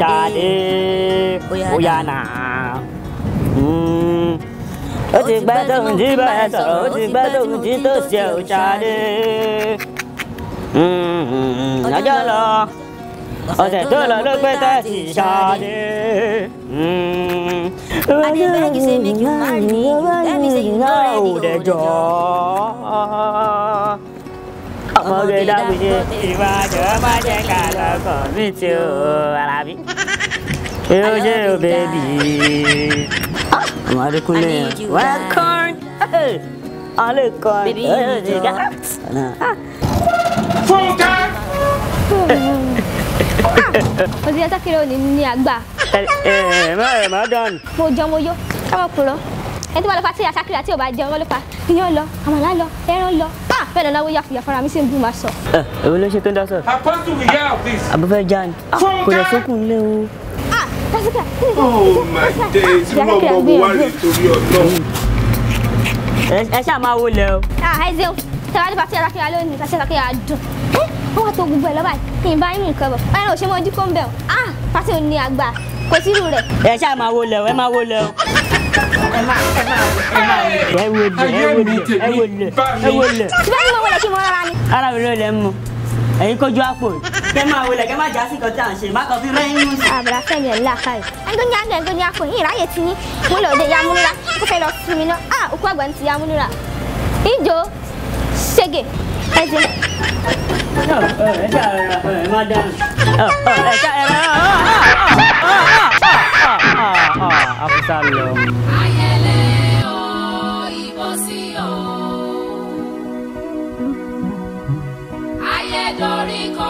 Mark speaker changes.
Speaker 1: ṣàdé bóyá ó ti gbẹ́ tóun tí bẹ́ẹ̀ sọ̀rọ̀ ó ti gbẹ́ tóun tí tó ṣe ò ṣàdé ọjọ́ lọ ọ̀sẹ̀ tó lọ ló pé tẹ́sí ṣàdé. adébẹ́yìn ṣe mi kí n má rí i lẹ́mìí ṣe yìí náà ò dẹjọ́ ọmọge dábìlì ìwájú ọmọ jẹ ká lọkọ mi tí ó Alábí yóò jẹ o bẹbí ọmọdékúnlé welcome, kọrin ọlẹ kọrin ọyọ ti ga. Fúnkẹ́. òsì ẹsẹ kiri òní ní àgbà. ẹ ẹ má ẹ má dán. mo jọ mo yó ká má kúrò ẹni tí wọ́n lọ fa tí àṣàkiri àti òbá jẹun wọ́n ló fa iyán lọ àmàlà lọ ẹran lọ pa bẹ́ẹ̀ lọ́wọ́ yà fìyà fúnra mi sì ń bú máa sọ. ẹ èwo ló ṣe tó ń dá sọ. abúfẹ́ jan ah! kò lè sókun lé o. Ah! Oh ẹ ṣáà máa wo lẹ o. Ah, ẹ ṣeun tẹ̀wá ní pàṣẹ àṣàkiri alẹ́ òní pàṣẹ àṣàkiri àdùn wọ́n eh? wá tó gbogbo ẹ̀ lọ́ba yìí bá yín nǹkan bọ̀ báyìí ò ṣe mọ́ ojú kó ń bẹ̀ ọ́ ah pàṣẹ òní àgbà kò sí irú rẹ̀. ẹ ṣáà máa wo lẹ o ẹ máa wo lẹ o. ẹ wo lẹ ẹ wo lẹ ẹ wo lẹ ẹ wo lẹ. síbẹ̀ ni mo wọlé kí mo rárá ni. ara mi ló lẹ mú ẹ̀yin kójú àpò kẹ máa wọlé kẹ máa já sí kọtí à ń ṣe má kọ fi rẹ́yìn mú. àbúrò afẹ́mi ẹ̀ ńlá káyì. ẹni tó ní àgbẹ̀ ẹni tó ní àpò yìí ráyè ti ní mo lọ òde yamúnira kó fẹ́ lọ sinmi náà á òkú àgbà ń ti yamúnira. ìjọ ṣègè ẹ̀jẹ̀. ẹ ẹ ẹ má dáhùn. ẹ ẹ ẹ glory.